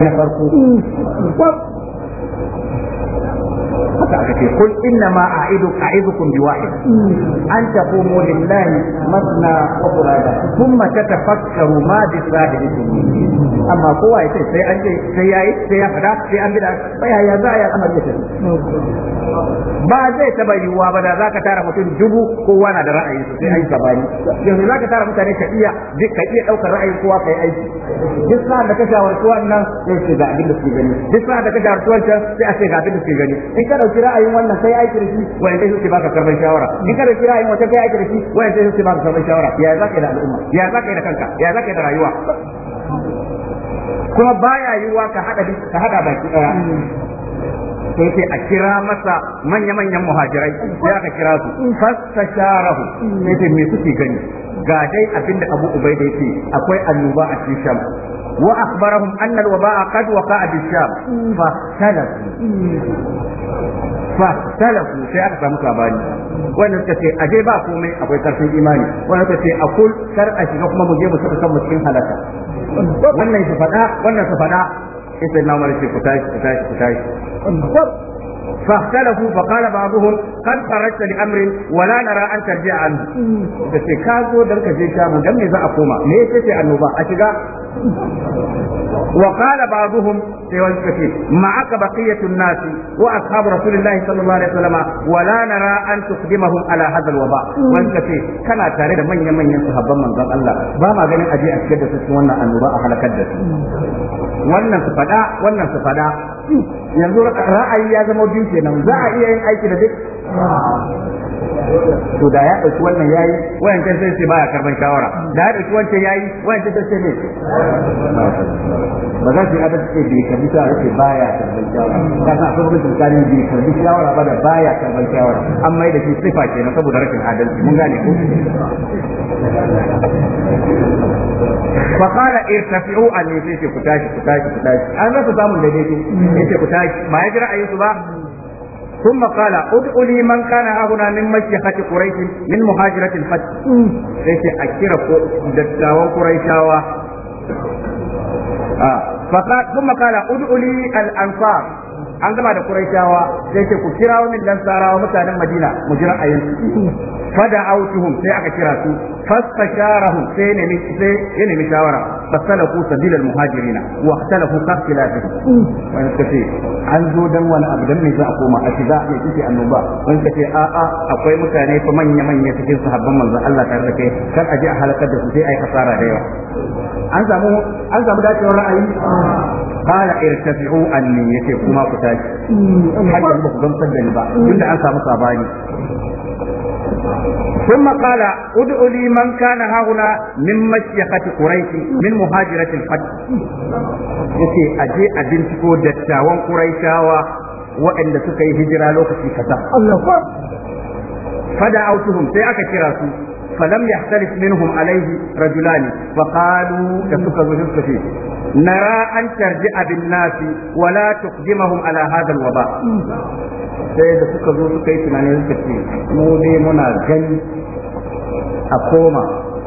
na farko mm. hausa aka ce kul inna ma a'idu a'idukum bi wahid an taqumu lillahi masna wa qurada thumma tatafakkaru ma bi sahibikum amma kowa yace sai an ce sai yayi sai ya fada sai an bida sai ya za ya amar yace ba zai taba yiwuwa ba da zaka tara mutum dubu kowa na da ra'ayi sai ai sabani yanzu zaka tara mutane ka iya duk ka iya daukar ra'ayin kowa kai aiki duk sa da ka shawarci wannan sai ga abin da suke gani duk sa da ka shawarci wancan sai a ce ga abin da suke gani in ka dauki dauki ra'ayin wannan sai aiki da shi wai sai suke baka karban shawara in ka dauki ra'ayin wata sai aiki da shi wai sai suke baka karban shawara ya za ka yi da al'umma ya za ka yi da kanka ya za ka yi da rayuwa kuma baya yiwa ka hada ka hada baki daya sai sai a kira masa manya-manyan muhajirai sai aka kira su fastasharahu sai sai me kuke gani ga dai abinda Abu Ubaida yake akwai annoba a cikin Sham wa akhbarahum anna al-waba'a qad waqa'a bi Sham fa fahtalafu sai aka samu sabani wannan suka ce aje ba komai akwai karfin imani wannan suka ce akul kar a shiga kuma mu je mu saka kanmu cikin halaka wannan su faɗa wannan su faɗa sai na umar ce ku tashi ku tashi ku tashi فاختلفوا فقال بعضهم قد خرجت لامر ولا نرى ان ترجع عنه ce ka zo dan ka je shamu dan me za a koma me yake ce annoba a shiga وقال بعضهم في وجهه مع معك بقية الناس وأصحاب رسول الله صلى الله عليه وسلم ولا نرى أن تقدمهم على هذا الوباء وجه كما كان تارد من يمن ينصحب من ذا الله بما غني أجي أسكد سسوانا أن نرى على كدس wannan su fada wannan su fada yanzu ra'ayi ya zama biyu kenan za a iya yin aiki da duk to da ya ɗauki wannan yayi wayan kan sai baya karban shawara da ya ɗauki wancan yayi wayan kan sai ne ba za su yi adalci ce bai karbi shawara ba baya karban shawara ka san akwai mutum tsakanin bai karbi shawara ba da baya karban shawara an mai da shi sifa ke na saboda rashin adalci mun gane ko فقال ارتفعوا عني sai ku tashi ku kutashi ku tashi an rasa samun daidaito yace ku tashi ba ya jira ra'ayin ba ثم قال ادع لي من كان هنا من مشيخة قريش من مهاجرة الحج ليس أكثر دتاوى قريشاوى آه. فقال ثم قال ادع لي الأنصار an gama da Quraishawa sai ke ku kirawo min dan sarawa mutanen Madina mu jira ayin fada autuhum sai aka kira su fastasharahum sai ne sai ya nemi shawara fasalaku sabil al muhajirina wa ikhtalafu qatilatu wani kace an zo dan wani abu dan me za a koma a shiga ne kike annoba wani kace a a akwai mutane fa manya manya cikin sahabban manzon Allah tare da kai kar a je a halakar da su sai ai kasara da yawa an samu an samu dacewar ra'ayi قال ارتفعوا anni yace kuma ku tashi har yanzu ba ku gamsar da ni ba ثم قال ادع لي من كان هاهنا من مشيقة قريش من مهاجرة الفتح يكي أجي أبنتكو وان قريشا وإن سكي هجرا لوكسي كذا فدعوتهم سيأكا كراسو falam da yahtalif minhum alaihi rajulani fa qalu da suka zo suka ce nara an tarji abin nasi wala tuqdimahum ala hadha alwaba sai da suka zo suka yi tunani suka mu dai muna gani a koma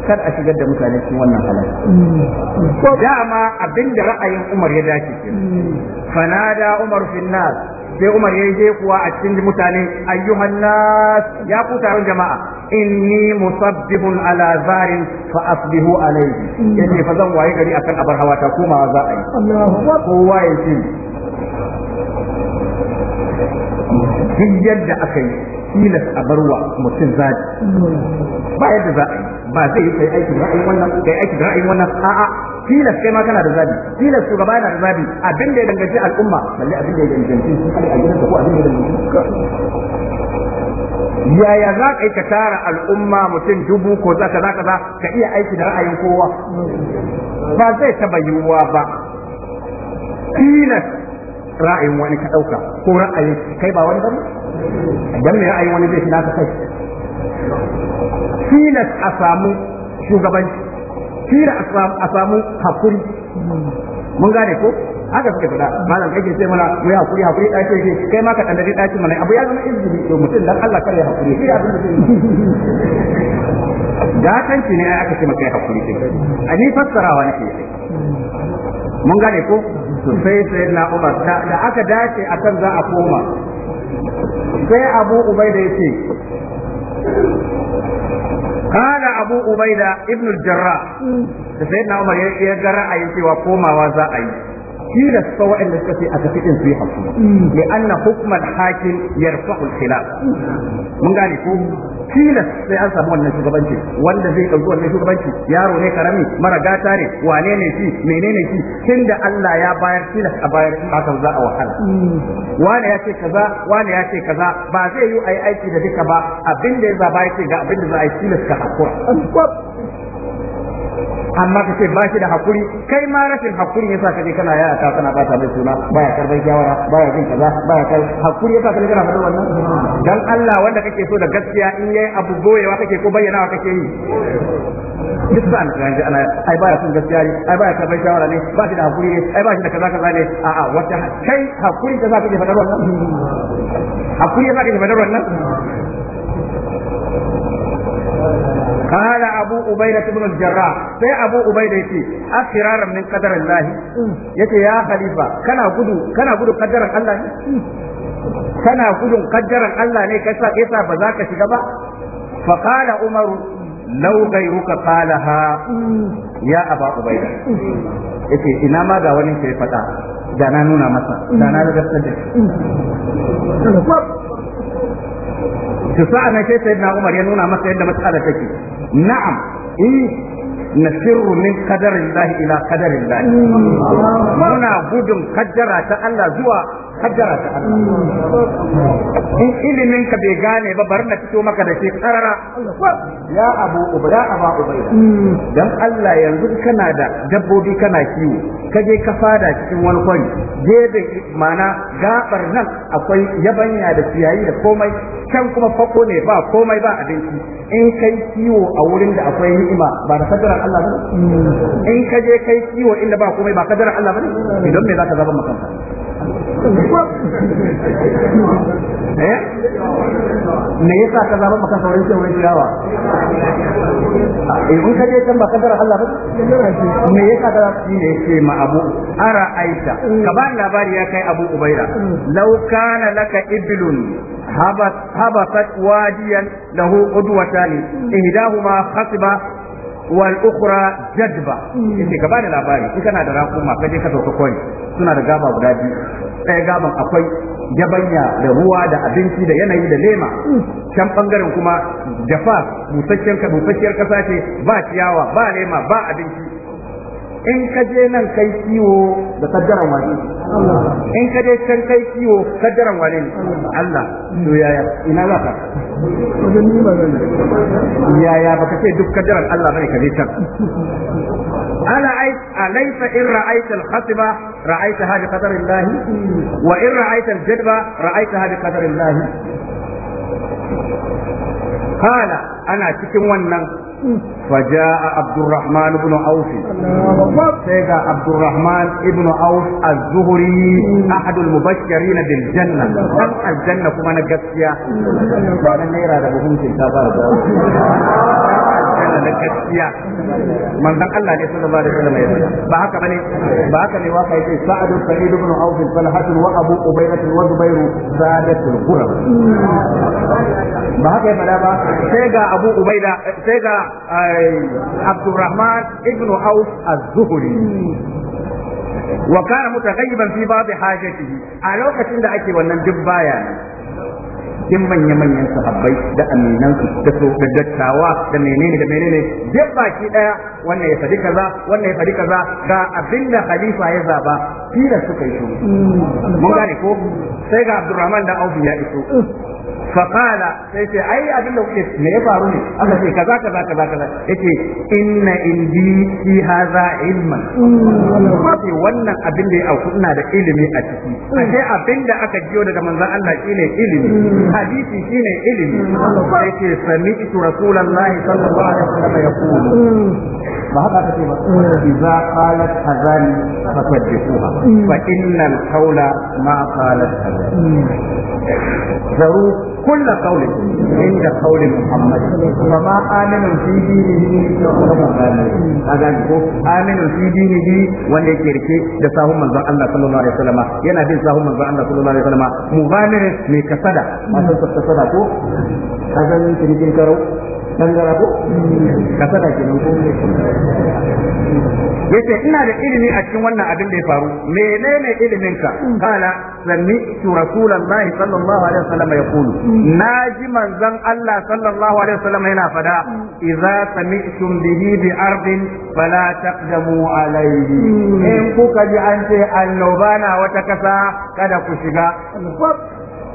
kar a shigar da mutane cikin wannan halaka dama abinda ra'ayin Umar ya dace kenan fanada Umar fil nas sai Umar ya je kuwa a cikin mutane ayyuhan nas ya ku taron jama'a inni musabbihun ala zarin fa asbihu alayhi yace fa zan waye gari akan abar hawa ta komawa za a yi kowa ya ce duk yadda aka yi tilas a barwa mutum zaji ba yadda za a yi ba zai yi kai aikin ra'ayin wannan kai aiki da ra'ayin wannan a'a tilas kai ma kana da zabi tilas shugaba yana da zabi abin da ya danganci al'umma balle abin da ya danganci su kai a gidan ko abin da ya danganci yaya za ka yi ka tara al'umma mutum dubu ko za ka za ka za ka iya aiki da ra'ayin kowa ba zai taba yiwuwa ba tilas ra'ayin wani ka ɗauka ko ra'ayin kai ba wani ba ne idan mai ra'ayin wani zai shi naka kai tilas a samu shugabanci tilas a samu hakuri mun gane ko haka suke faɗa malam kake sai mana mu hakuri hakuri da ke ce kai ma ka dan dade dakin mana abu ya zama izini to mutum dan Allah kare hakuri shi abin da zai da kanki ne aka ce maka hakuri a ani fassarawa nake mun gane ko sai sai na Umar da aka dace akan za a koma sai Abu Ubaida yace kada abu ubaida ibnu jarrah sai na umar ya ga ra'ayi cewa komawa za a yi tilasta waɗanda suka ce a tafi ɗin su yi hakuri li anna hukmal hakim yarfa'u al-khilaf mun gane ko tilas sai an samu wannan shugabanci wanda zai ɗauki wannan shugabanci yaro ne karami mara gata ne wane ne shi menene shi da Allah ya bayar tilas a bayar hakan za a wahala wane ya ce kaza wane ya ce kaza ba zai yi aiki da duka ba abinda ya zaba bayar ce ga abinda za a yi tilas ka hakura amma ka ce ba shi da hakuri kai ma rashin hakuri yasa ka je kana yaya ta kana ba ta mai suna baya karban shawara baya jin kaza baya kai hakuri yasa ka je kana faɗin wannan dan Allah wanda kake so da gaskiya in yayi abu goyewa kake ko bayyanawa kake yi duk ba ka ji ana ai baya son gaskiya ne ai baya karban shawara ne ba shi da hakuri ne ai ba shi da kaza kaza ne a'a wata kai hakuri da sa ka je faɗar wannan hakuri yasa ka je faɗar wannan قال أبو أبيدة بن الجراح سي أبو أبيدة يتي أفرارا من قدر الله يتي يا خليفة كان أقول كان أقول قدر الله كان أقول قدر الله ني كسا كسا فذاك شكبا فقال عمر لو غيرك قالها يا أبا أبيدة يتي إنما دا ولن كيف da na nuna masa da na da su na ke sayyidina Umar ya nuna masa yadda matsala take na'am in eh, nasirru min qadarillahi ila qadarillahi mm. muna gudun kaddara ta Allah zuwa kaddara ta Allah in ilimin ka bai gane ba bar na fito maka da shi karara ya abu ubra aba ubaida dan Allah yanzu kana da dabbobi kana kiwo ka je ka fada cikin wani kwari je da mana gabar nan akwai yabanya da ciyayi da komai can kuma fako ne ba komai ba abinci in kai kiwo a wurin da akwai ni'ima ba da kadarar Allah ba in ka je kai kiwo inda ba komai ba kadarar Allah ba ne idan me ka zaba makanka eh me yasa ka zaba maka sauran shi wani ciyawa eh in ka je can ba kadar Allah ba me yasa ka shi ne ce ma abu ara aita ka ba labari ya kai abu ubaida law kana laka iblun habat habat wadiyan lahu udwatani ihdahuma khatiba wal ukhra jadba yace ka da labari in kana da rakuma ka je ka sauka koi suna da gaba guda biyu ɗaya gaban akwai yabanya da ruwa da abinci da yanayi da lema can bangaren kuma jafa busasshen busasshen kasa ce ba ciyawa ba lema ba abinci in ka je nan kai kiwo da kaddaran wani, in ka je can kai kiwo kaddaran wani ne Allah to yaya ina za ka yaya baka ce duk kaddaran Allah bane ka je can ala ai alaysa in ra'aita al-khatiba ra'aita bi qadari wa in ra'aita al-jadba ra'aitaha bi qadari قال أنا تكن ونن فجاء عبد الرحمن بن عوف سيغا عبد الرحمن بن عوف الزهري أحد المبشرين بالجنة أم الجنة كما نقصيا بعد نيرا دبهم تلتا magana na gaskiya manzon Allah ne sallallahu alaihi wasallam ya ba haka bane ba haka ne waka yake sa'ad sa'id ibn auf falhat wa abu ubaydah wa zubair sadatul qurab ba haka ya fada ba sai ga abu ubaida sai ga eh, abdurrahman ibn auf az-zuhri wa kana mutaghayyiban fi ba'd hajatihi a lokacin da ake wannan duk baya cikin manya-manyan sahabbai da aminansu da so da dattawa da menene da menene duk baki daya wannan ya faɗi kaza wannan ya faɗi kaza ga abinda khalifa ya zaba fira suka yi shuru mun gane ko sai ga Abdurrahman da Auf ya iso فقال سيتي اي ابن لو كيف ne? يفعلوا لي انا في كذا كذا كذا كذا يتي ان عندي في هذا علما ما في wannan abinda da ya auku ina da ilimi a ciki ashe abinda da aka jiyo daga manzon Allah shine ilimi hadisi shine ilimi sai ce sami'tu rasulullahi sallallahu alaihi wasallam yaqulu ba haka kace ba idza qalat azani fasaddiquha fa innal qawla ma qalat azani كل قول عند قول محمد فما آمن في دينه هذا آمن في دينه وان يكركي دساهم من ذا الله صلى الله عليه وسلم ينا بين ساهم من ذا الله صلى الله عليه وسلم مغامر من كسدا ما تنسى كسدا هذا من تنجل كرو gangara ko ka saka kenan ko yace ina da ilimi a cikin wannan abin da ya faru menene ilimin ka kala sami'tu rasulullahi sallallahu alaihi wasallam Na ji manzan Allah sallallahu alaihi wasallam yana fada idza sami'tum bihi bi ardin fala taqdamu alayhi in kuka ji an ce annoba na wata kasa kada ku shiga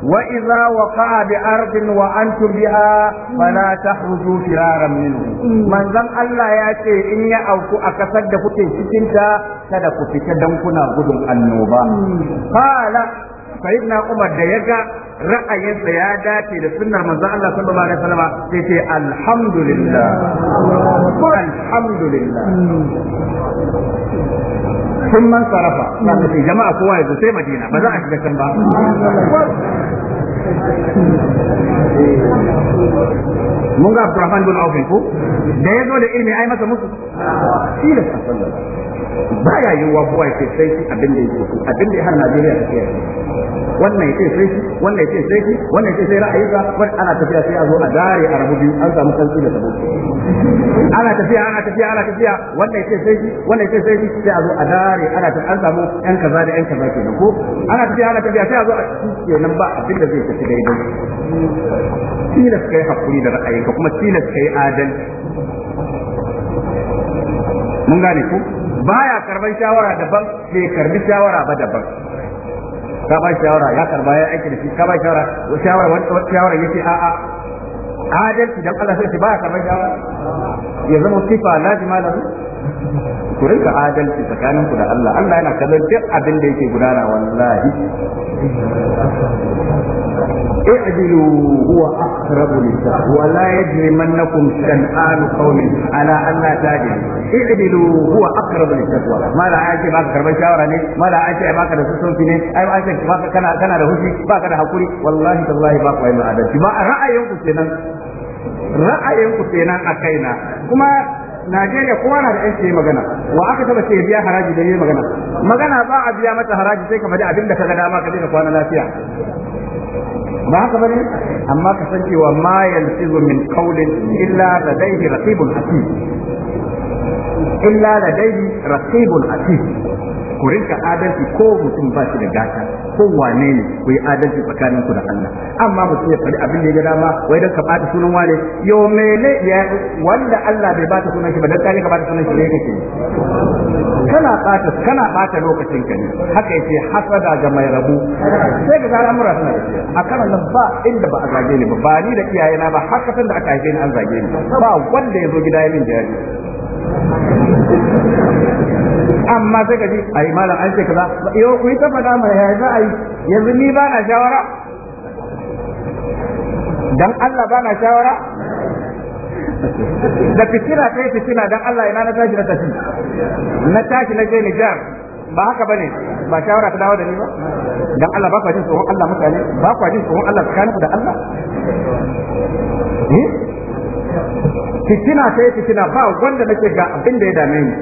وإذا وقع بأرض وأنتم بها فلا تخرجوا فرارا منه من ذن الله يأتي إن يأوكو أكسد فتن ستنتا كدك فتدن كنا قدم النوبة قال na Umar da ya ga ra'ayinsa ya dace da sunnar manzon Allah sallallahu alaihi wasallam sai ce alhamdulillah alhamdulillah sun man sarafa sai jama'a kowa ya zo sai Madina ba za a shiga can ba mun ga Abdurrahman bin Auf ko da ya zo da ilimi ai masa musu shi da sallallahu ba ya wa kowa ke sai shi abin da yake so abin da hana Najeriya ta ce wannan yake sai shi wannan yake sai shi wannan yake sai ra'ayi ra'ayinsa wani ana tafiya sai a zo a dare a rabu biyu an samu kansu da sabo ana tafiya ana tafiya ana tafiya wannan yake sai shi wannan yake sai shi sai a zo a dare ana tafiya an samu yan kaza da yan kaza kenan ko ana tafiya ana tafiya sai a zo a kenan ba abin da zai tafi daidai tilas kai hakuri da ra'ayinka kuma tilas kai adalci mun gane ku baya karban shawara daban bai karbi shawara ba daban ka ba shawara ya karba ya aiki da shi ka ba shawara shawara wani shawara yace a a adalci dan Allah sai baya karban shawara ya zama kifa lazima lazima ku rinka adalci ku da Allah Allah yana kallon duk abin da yake gudana wallahi اعدلوا هو اقرب للتقوى ولا يجرمنكم شنآن قوم على ان لا تعدلوا اعدلوا هو اقرب للتقوى ما لا باك كربان شاورا ني ما لا باك da sosai ne ai ba sai baka kana kana da hushi ka da hakuri wallahi tallahi ba ku yi adalci ba ra'ayin kenan ra'ayin kenan a kaina kuma Najeriya kowa na da yanci magana wa aka taba ce biya haraji da yayi magana magana ba a biya mata haraji sai ka faɗi abin da ka ga dama ka je ka kwana lafiya ba haka bane amma ka san cewa ma yalfizu min qawlin illa ladayhi raqibun hakim illa ladayhi raqibun hakim ku rinka adalci ko mutum ba shi da gata ko wane ne ku yi adalci tsakanin ku da Allah amma mutum ya faɗi abin da ya dama wai dan ka bata sunan wane yo mene ya wanda Allah bai bata sunan shi ba dan kai ka bata sunan shi ne kake kana bata kana bata lokacin ka ne haka yake hasada ga mai rabu sai ka ga al'amura suna a kan nan ba inda ba a zage ni ba ba ni da iyayena ba har san da aka haife ni an zage ni ba wanda ya zo gida ya min jari amma sai ka ji ai malam an ce kaza yau ku yi ta faɗa mai ya za a yi yanzu ni ba na shawara dan Allah ba na shawara da fitina kai fitina dan Allah ina na tashi na tafi na tashi na je jar ba haka bane ba shawara ta dawo da ni ba dan Allah ba kwa jin tsoron Allah mutane ba kwa jin tsoron Allah tsakanin da Allah eh? fitina yi fitina ba wanda nake ga abin da ya dame ni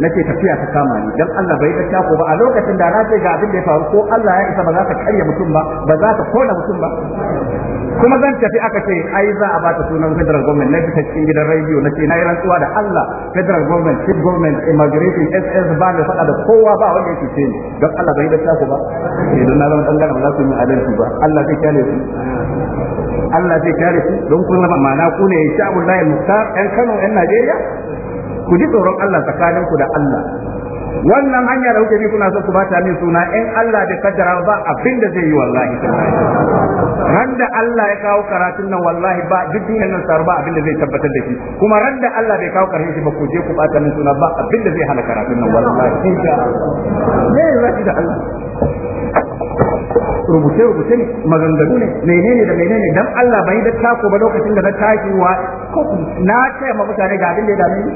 nake tafiya ta kama ni dan Allah bai da ba a lokacin da na ce ga abin da ya faru ko Allah ya isa ba za ka karya mutum ba ba za ka kona mutum ba kuma zan tafi aka ce ai za a bata sunan federal government na fita cikin gidan radio na ce na yi rantsuwa da Allah federal government chief government immigration SS ba da faɗa da kowa ba wanda yake ce ni dan Allah bai da ko ba idan eh, na zama dan gara ba za su yi adalci ba Allah zai kyale su Allah zai kyale su don kun ma'ana ku ne ya sha'ul lahi muktar ɗan Kano ɗan Najeriya ku ji tsoron Allah tsakaninku da Allah wannan hanya da kuke bi kuna so ku bata min suna in Allah da kaddara ba abin da zai yi wallahi ran da Allah ya kawo karatun nan wallahi ba duk duniyar nan sarba abin da zai tabbatar da shi kuma ran da Allah bai kawo karatun shi ba ku je ku bata min suna ba abin da zai hana karatun nan wallahi ne zai da Allah rubuce rubuce ne maganganu ne menene da menene dan Allah bai da tako ba lokacin da na tashi wa ko na ce ma mutane ga abin da ya dame ni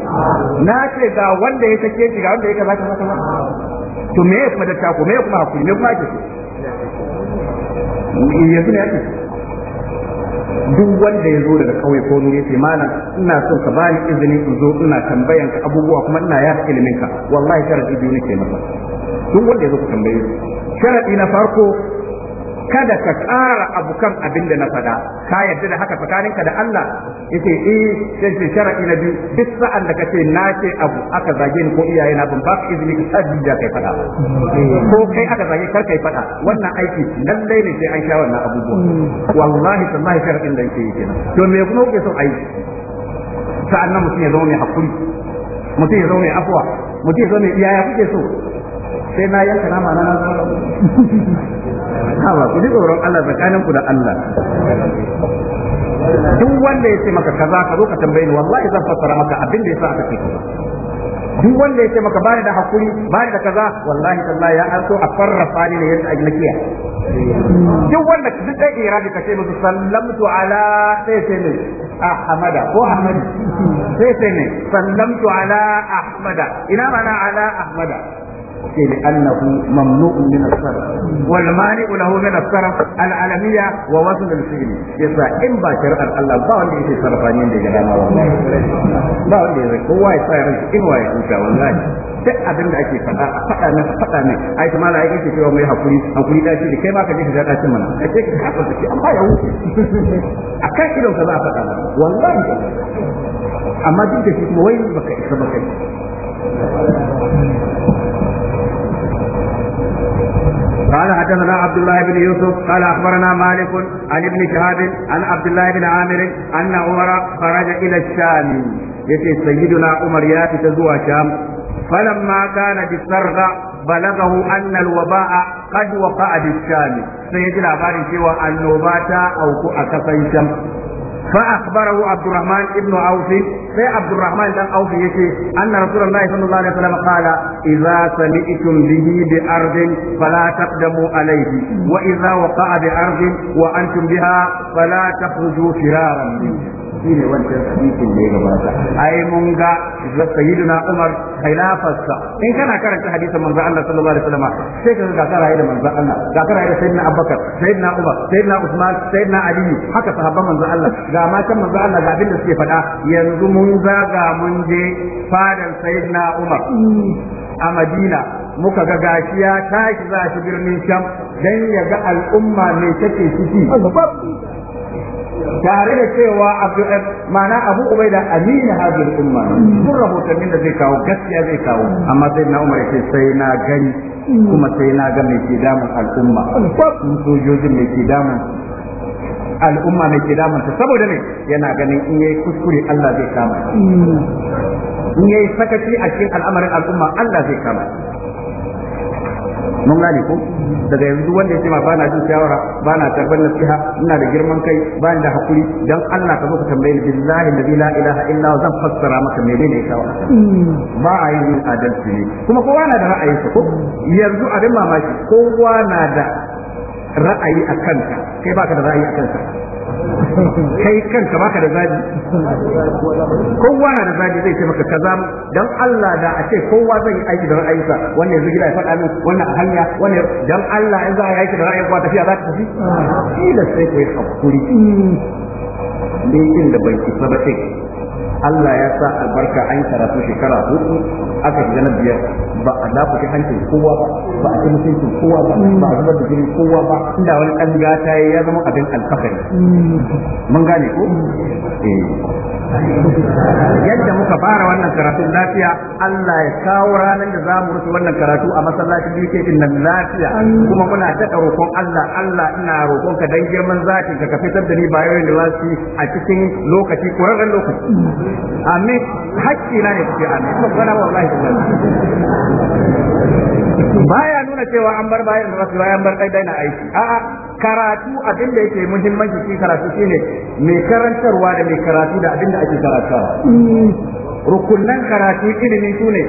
na ce ga wanda ya take shi ga wanda ya kaza kaza kaza to me kuma da tako me kuma hakuri me kuma ake yanzu ne duk wanda ya zo daga kauye ko nuri ce mana ina so ka bani izini in zo ina tambayan ka abubuwa kuma ina ya ilimin ka wallahi sharadi biyu nake masa duk wanda ya zo ka tambaye sharadi na farko kada ka ƙara abu kan abin da na faɗa ka yarda da haka tsakaninka da Allah yace eh sai ce shar'i na biyu duk sa'an da kace na ce abu aka zage ni ko iyaye na ban ba ka izini ka sadi da kai faɗa ko kai aka zage kar kai faɗa wannan aiki lallai ne sai an sha wannan abubuwa wallahi tallahi shar'in da yake kenan to me kuma kuke son aiki sa'annan mutum ya zama mai hakuri mutum ya zama mai afwa mutum ya zama mai iyaya kuke so sai na yanka nama na ha ba ku ji tsoron Allah tsakanin ku da Allah duk wanda ya ce maka kaza ka zo ka tambaye ni wallahi zan fassara maka abin da yasa aka ce duk wanda ya ce maka bani da hakuri bani da kaza wallahi tallahi ya an a farrafa ni ne yadda a nakiya duk wanda duk dai irabi ka ce musu sallamtu ala sai sai ne ahmada ko ahmadi sai sai ne sallamtu ala ahmada ina mana ala ahmada sai da annahu mamnu'un min as-sarf wal mani'u lahu min as-sarf al-alamiyya wa wasl al-fi'li yasa in ba shar'ar Allah ba wanda yake sarrafa ne da ga dama wallahi ba wanda yake kowa ya tsaya ran in waye huta wallahi duk abin da ake faɗa a faɗa ne faɗa ne a yi la yake cewa mai hakuri hakuri da shi da kai ma ka je ka ga cin mana ka ce ka kafa shi amma ya wuce. huce akan idon ka za a faɗa wallahi amma duk da shi kuma wai baka isa baka قال حدثنا عبد الله بن يوسف قال اخبرنا مالك عن ابن شهاب عن عبد الله بن عامر ان عمر خرج الى الشام يتي سيدنا عمر ياتي تزوى شام فلما كان بالسرغه بلغه ان الوباء قد وقع بالشام سيدنا بارك وان النوبات او كأسفين شام فأخبره عبد الرحمن ابن عوف في عبد الرحمن بن عوف يشي أن رسول الله صلى الله عليه وسلم قال إذا سمعتم به بأرض فلا تقدموا عليه وإذا وقع بأرض وأنتم بها فلا تخرجوا فرارا منه shine wancan hadisin da ya gabata ai mun ga sayyidina Umar khilafarsa in kana karanta hadisin manzo Allah sallallahu alaihi wasallam sai ka ga karaye da manzo Allah ga karaye da sayyidina Abubakar sayyidina Umar sayyidina Usman sayyidina Ali haka sahabban manzo Allah ga kan manzo Allah ga abin suke faɗa yanzu mun ga ga mun je fadan sayyidina Umar a Madina muka ga gashi ya tashi za shi birnin Sham dan ya ga al'umma me take ciki tare da cewa eh, mana abu ubaida amina hadhihi umma sun rahotannin da zai kawo gaskiya zai kawo amma sai na umar ce sai na gani kuma sai na ga mai ke damun al'umma sojojin mai ke damun al'umma mai ke damun ta saboda ne yana ganin in yayi kuskure Allah zai kama in yayi sakaci a cikin al'amarin al'umma Allah zai kama mun gane ko daga yanzu wanda ya ce ma ba na jin shawara ba na karban nasiha ina da girman kai ba ni da hakuri dan Allah ka zo ka tambaye ni billahi nabi la ilaha illa wa zan fassara maka menene ya kawo ba a yi adalci ne kuma kowa na da ra'ayinsa ko yanzu abin mamaki kowa na da ra'ayi a kanta, kai baka da ra'ayi a kanta, kai kanka baka da zabi kowa na da zabi zai ce maka kaza dan Allah da a ce kowa zai yi aiki da ra'ayinsa wannan yanzu gida ya faɗa min wannan a hanya wannan dan Allah in za a yi aiki da ra'ayin kuwa tafiya za ta tafi da sai kai hakuri in da bai kisa ba sai Allah ya sa albarka an karatu shekara hudu aka shiga na biyar ba a dakuce hancin kowa ba ba a cikin mutuncin kowa ba ba a zubar da jini kowa ba inda wani ɗan gata ya zama abin alfahari mun gane ko eh. yadda muka fara wannan karatun lafiya Allah ya kawo ranar da za mu rufe wannan karatu a masallacin UK din nan lafiya kuma muna daɗa roƙon Allah Allah ina roƙon ka dan girman zaki ka fitar da ni bayoyin da za a cikin lokaci ƙwararren lokaci amin hakki na ne suke amin magana wallahi baya nuna cewa an bar bayan da bayan an bar kai na aiki a'a karatu abin da yake muhimmanci shi karatu shine mai karantarwa da mai karatu da abin da ake karatawa mm. rukunnan karatu ilimi sune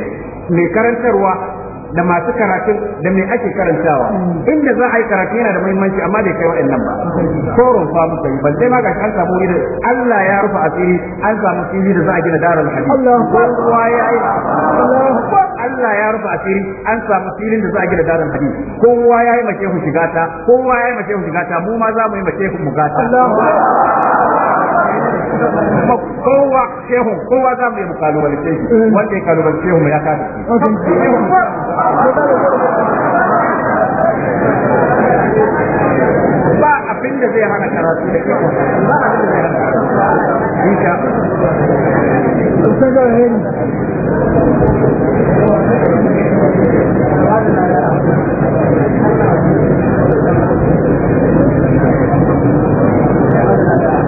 mai karantarwa da masu karatun da mai ake karantawa inda za a yi karatu yana da muhimmanci amma bai kai waɗannan ba koron fa muka yi balle ma gashi an samu da Allah ya rufe asiri an samu fili da za a gina darul hadith Allah ya rufe asiri an samu filin da za a gina darul hadith kowa ya yi mace shigata kowa ya yi mace shigata mu ma za mu yi mace ku mugata kuma kowa shehun kowa za mu yi mukalubalce shi eh. wanda ya kalubalce mu ya kada shi ba abin da zai hana karatu da kyau ba abin da zai hana karatu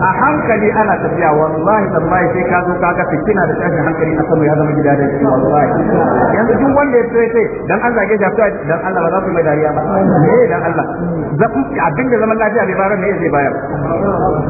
a hankali ana tafiya wallahi tallahi sai ka zo kaga fitina da tashin hankali a sama ya zama gida da shi wallahi yanzu duk wanda ya tsaye sai dan Allah ya jafa dan Allah ba za ku mai dariya ba eh dan Allah zaku abin da zaman lafiya bai bayar ne zai bayar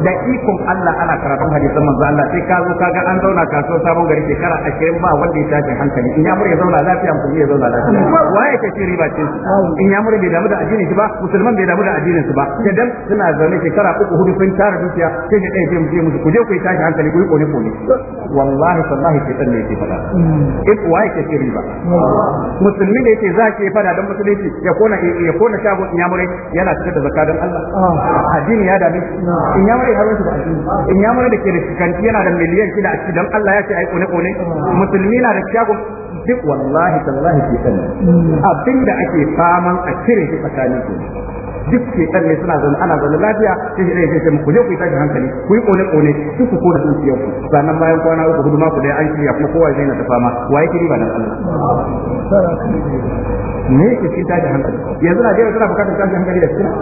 da ikon Allah ana karatun hadisin manzo Allah sai ka zo kaga an zauna kasuwar sabon gari shekara 20 ba wanda ya tashi hankali in ya mure ya zauna lafiya mutum ya zauna lafiya waye ke shiri riba ce in ya mure bai damu da addinin shi ba musulman bai damu da addinin su ba sai dan suna zaune shekara uku hudu sun tara dukiya sai ne ɗaya zai je musu ku je ku yi tashi hankali ku yi kone kone wallahi sallahi ke tsanne ke fada in kuwa ke ce riba musulmi da yake za ke fada don musulunci ya kona ya kona shagon inyamurai yana cike da zakka don Allah addini ya dame inyamurai har wasu ba addini inyamurai da ke da shikanti yana da miliyan shida a ciki don Allah ya ce ai kone kone musulmi na da shagon duk wallahi sallahi ke tsanne abinda ake faman a cire shi tsakanin ku duk shedan ne suna zaune ana zaune lafiya sai shedan ya ce mu kuje ku yi tashin hankali ku yi kone kone duk ku kona dukiyar ku sannan bayan kwana uku hudu mako daya an shirya kuma kowa zai na ta fama waye kiri riba nan Allah ne yake cikin tashin hankali yanzu Najeriya suna bukatar tashin hankali da kuma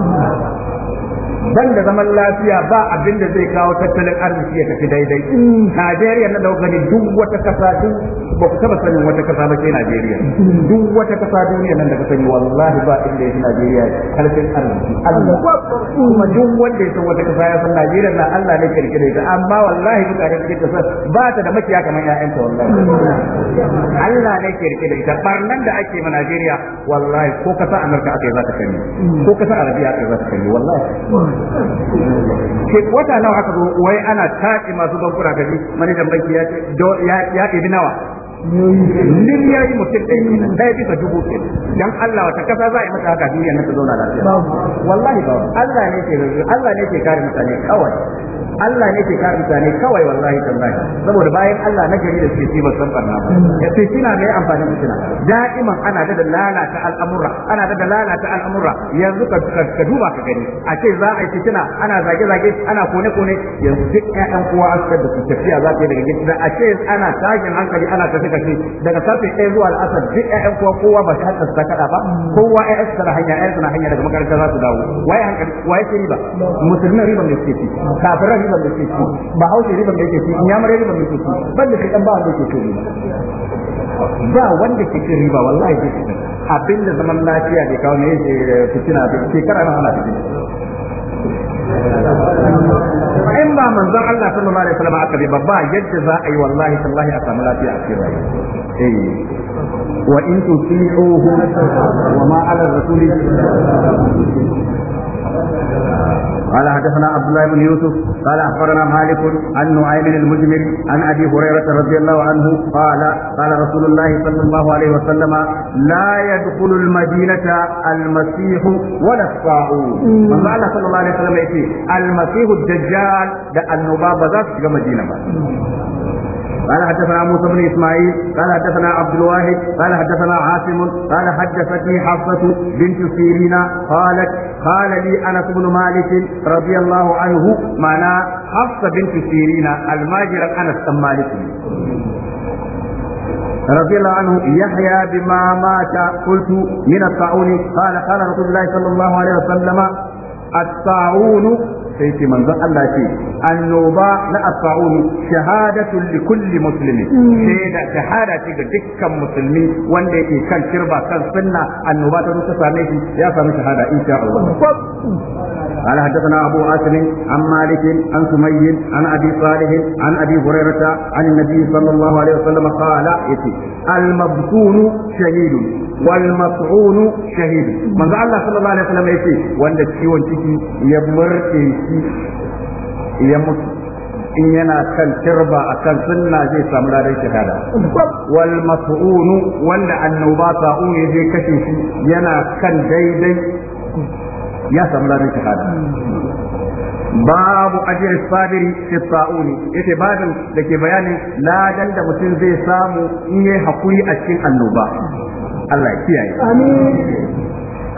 dan da zaman lafiya ba abin da zai kawo tattalin arziki ya tafi daidai Najeriya na dauka ne duk wata kasa duk ba ku taba sanin wata kasa ba ke Najeriya duk wata kasa duniya nan da ka sani wallahi ba inda yake Najeriya karfin arziki Allah kuma duk wanda ya san wata kasa ya san Najeriya na Allah ne kirkire ta amma wallahi mutane suke ta ba ta da makiya kamar ƴaƴanta wallahi Allah ne kirkire ta barnan da ake ma Najeriya wallahi ko kasa Amurka ake yi za ta kani ko kasa Arabiya aka yi za ta kani wallahi Ke wata nawa aka zo wai ana taƙi masu bankuna gari manajan banki ya ke bi nawa duk yayi mutum ɗaya kenan ɗaya bisa dubu kenan dan Allah wata kasa za a yi masa haka duniya na ta zauna lafiya wallahi ba Allah ne ke Allah ne ke kare mutane kawai Allah ne ke kare mutane kawai wallahi tallahi saboda bayan Allah na gari da suke ci ban san barna ba ya ce kina da amfani da kina da'iman ana da lalata al'amura ana da lalata al'amura yanzu ka ka duba ka gani a ce za a yi fitina ana zage zage ana kone kone yanzu duk ƴaƴan kowa an da su tafiya za ta yi daga gida a ce ana tashin hankali ana tafi ka daga karfe 1 zuwa al'asar duk ƴaƴan kowa kowa ba ta hatta ta kada ba kowa ƴaƴan su na hanya ƴaƴan su na hanya daga makaranta za su dawo waye hankali waye ke riba musulmin riban da suke ci kafiran riban da suke ci bahaushe riban da yake ci riban da ci ba wanda yake ci ba wanda ke ci riba wallahi ke ci abin da zaman lafiya a kawo ne eh, fitina shekara na ana fitina in ba manzon Allah sallallahu alaihi wasallam aka bi babba yadda za a yi wallahi tallahi a samu lafiya a cikin rayuwa eh wa in tuti'uhu wa ma ala rasuli قال حدثنا عبد الله بن يوسف قال اخبرنا مالك عن نعيم المجمل عن ابي هريره رضي الله عنه قال قال رسول الله صلى الله عليه وسلم لا يدخل المدينه المسيح ولا الطاعون من قال صلى الله عليه وسلم يقول المسيح الدجال ده النباب ذات المدينه قال حدثنا موسى بن اسماعيل قال حدثنا عبد الواحد قال حدثنا عاصم قال حدثتني حفصه بنت سيرين قالت قال لي أنس بن مالك رضي الله عنه معنا حفصة بنت سيرين الماجر أنس بن مالك رضي الله عنه يحيى بما مات قلت من الطاعون قال قال رسول الله صلى الله عليه وسلم الطاعون sai ce manzon Allah ce annoba na asfa'un shahadatu li kulli muslimin mm. sai da shahada ce ga dukkan musulmi wanda yake kan kirba kan sunna annoba ta rusa same shi ya samu shahada insha Allah قال حدثنا أبو عاصم عن مالك عن سمي عن أبي صالح عن أبي هريرة عن النبي صلى الله عليه وسلم قال المبتون شهيد والمطعون شهيد من الله صلى الله عليه وسلم يتي وأن الشيوان تيكي يمرتي يموت in yana kan kirba a kan sunna zai samu ladan shahada wal mas'unu wanda annoba sa'un ya je kashe shi yana kan daidai ya samu ladan shahada babu ajiyar sabiri fi sa'uni yace babin da ke bayanin ladan da mutum zai samu in yayi hakuri a cikin annoba Allah ya kiyaye amin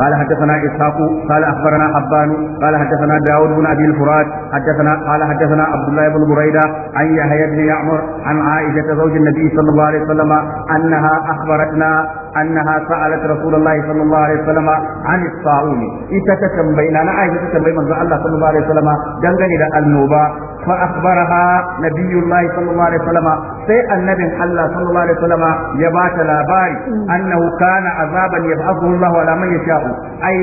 قال حدثنا إسحاق قال أخبرنا حبان قال حدثنا داود بن أبي الفرات حدثنا قال حدثنا عبد الله بن بريدة عن يحيى بن يعمر عن عائشة زوج النبي صلى الله عليه وسلم أنها أخبرتنا أنها سألت رسول الله صلى الله عليه وسلم عن الطاعون إذا تتنبينا أنا عائشة تتنبي من الله صلى الله عليه وسلم دنغني النوبة فأخبرها نبي الله صلى الله عليه وسلم سي النبي الله صلى الله عليه وسلم يبات لاباري أنه كان عذابا يبعثه الله على من يشاء أي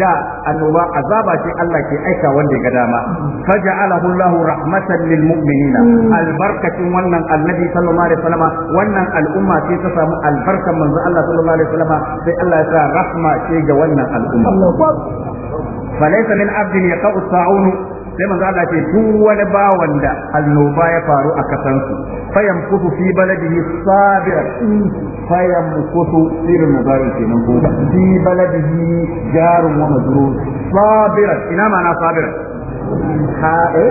جاء أنه عذابا شيء الله كي أيكا وندي قداما فجعله الله رحمة للمؤمنين البركة ونن النبي صلى الله عليه وسلم ونن الأمة في تسام البركة من الله صلى الله عليه وسلم سي الله يسا رحمة شيء ونن الأمة فليس من عبد يقع الطاعون sai manzo Allah ce duk wani bawan da annoba ya faru a kasan su fayam kutu fi baladihi sabira fayam kutu sirrin nazarin kenan ko fi baladihi jarun wa mazrur sabira ina ma na sabira ha eh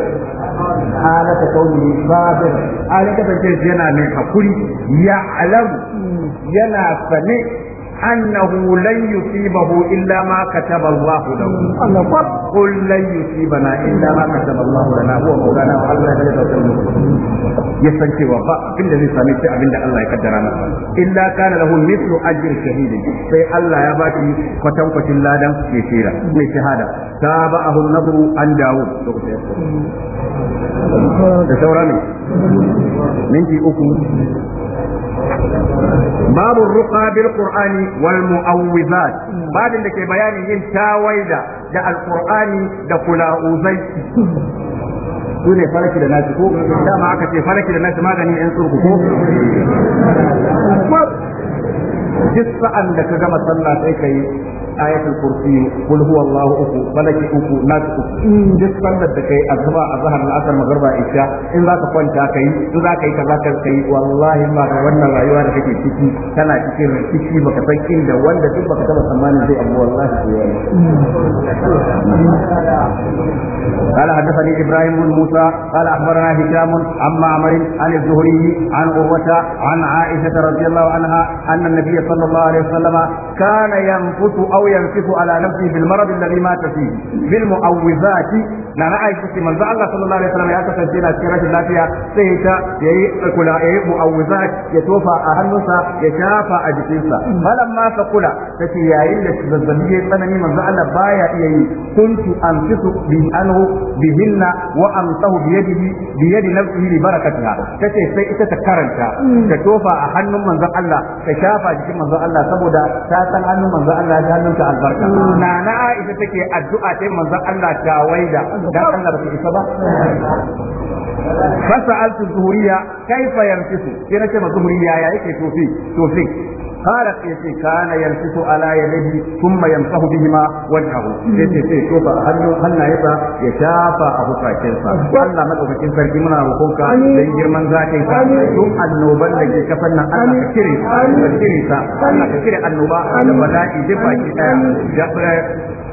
halata kauni sabira alaka tace yana mai hakuri ya alamu hmm. yana sane أنه لن يصيبه إلا ما كتب الله له قل لن يصيبنا إلا ما كتب الله لنا هو مولانا وعلى ذلك يسنكي وفاء إلا ذي سامي عند الله يقدر إلا كان له مثل أجر شهيد سي الله يباكي قتم قتل لادا يسيرا يشهادا تابعه النظر عن داود da saura ne minti uku باب الرقى بالقرآن والمؤوذات بعد انك بيان ين تاويدا دا القرآن دا كلاؤذي sune falaki da nasi ko dama aka ce falaki da nasi maganin yan tsurku ko duk sa'an da ka gama sallah sai ka yi ayatul kursi kul huwallahu uku malaki uku nas uku in duk sallar da kai azhar azhar al-asr magarba isha in zaka kwanta kai in zaka yi kaza kan kai wallahi ma wannan rayuwa da kake ciki tana cikin ciki baka san inda wanda duk baka taba tsammanin zai abu wallahi sai yayi قال حدثني إبراهيم بن موسى قال اخبرنا هشام عما عمر عن الزهري عن قوة عن عائشة رضي الله عنها أن النبي صلى الله عليه وسلم كان ينقص أو أو ينفث على نفسه بالمرض الذي مات فيه بالمؤوذات na na aisha ce manzo Allah sallallahu alaihi wasallam ya kasance na cikin rashin lafiya sai ya ta yayi kula yayi ya tofa a hannunsa ya shafa a jikinsa ma fa kula tace yayin da zazzabi ya tsanani manzo Allah baya iya yi kuntu amsiku bi anhu bihinna wa amsahu bi yadihi bi yadi nafsihi li barakatiha tace sai ita ta karanta ta tofa a hannun manzo Allah ta shafa jikin manzo Allah saboda ta san hannun manzo Allah ta hannunta albarka mm. na na Aisha take addu'a ta manzo Allah ta waida dan Allah ba su isa ba fa sa'altu zuhuriya kaifa yantisu sai nace ma zuhuriya ya yake tofi tofi qala kayfa kana yantisu ala yadihi thumma yamsahu bihima wajhahu sai sai sai to ba hannu hannaye ya shafa a hukacin sa Allah madaukakin sarki muna roƙon ka dan girman zakai ka duk annoban da ke kafan nan Allah ka kire ka kire ka Allah ka kire annoba da bala'i da baki daya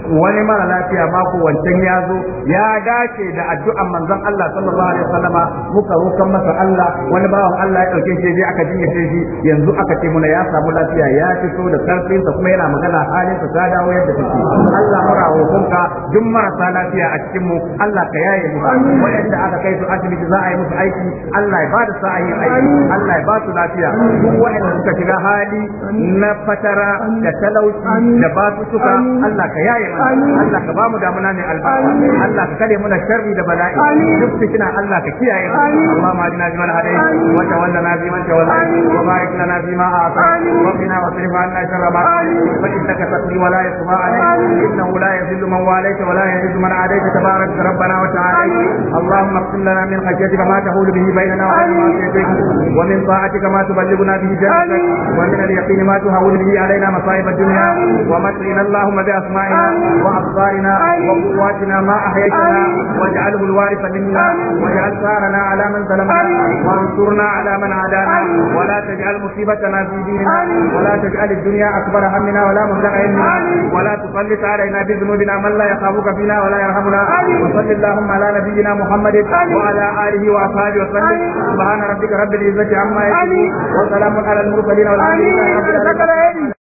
wani mara lafiya mako wancan ya zo ya dace da addu'an manzon Allah sallallahu alaihi wasallama muka rokan masa Allah wani bawan Allah ya dauke shi je aka jinyace shi yanzu aka ce muna ya samu lafiya ya fito da karfin sa kuma yana magana halin sa ta dawo yadda take Allah mura hukunka duk marasa lafiya a cikin mu Allah ka yaye mu wanda aka kai su asibiti za a yi musu aiki Allah ya ba da sa'ayin aiki Allah ya ba su lafiya duk wanda suka shiga hali na fatara da talauci da ba su suka Allah ka yaye mu Allah ka ba mu damuna ne Allah ka kare muna sharri da bala'i duk fitina Allah ka kiyaye Allah ma ajina biman hadai wa tawallana biman tawallai wa barik lana bima a'tai wa anna sharra fa innaka wa la innahu la man wa la man tabarak rabbana wa ta'ala اللهم لنا من خشيتك ما تحول به بيننا وبين معصيتك ومن طاعتك ما تبلغنا به جنتك ومن اليقين ما تهون به علينا مصائب الدنيا ومتعنا اللهم وأبصارنا وقواتنا ما أحييتنا واجعله الوارث منا واجعل ثارنا على من ظلمنا وانصرنا على من عادانا ولا تجعل مصيبتنا في ديننا ولا تجعل الدنيا أكبر همنا ولا مبلغ علمنا ولا تسلط علينا بذنوبنا من لا يخافك فينا ولا يرحمنا وصل اللهم على نبينا محمد وعلى آله وأصحابه وسلم سبحان ربك رب العزة عما يصفون وسلام على المرسلين والحمد لله رب العالمين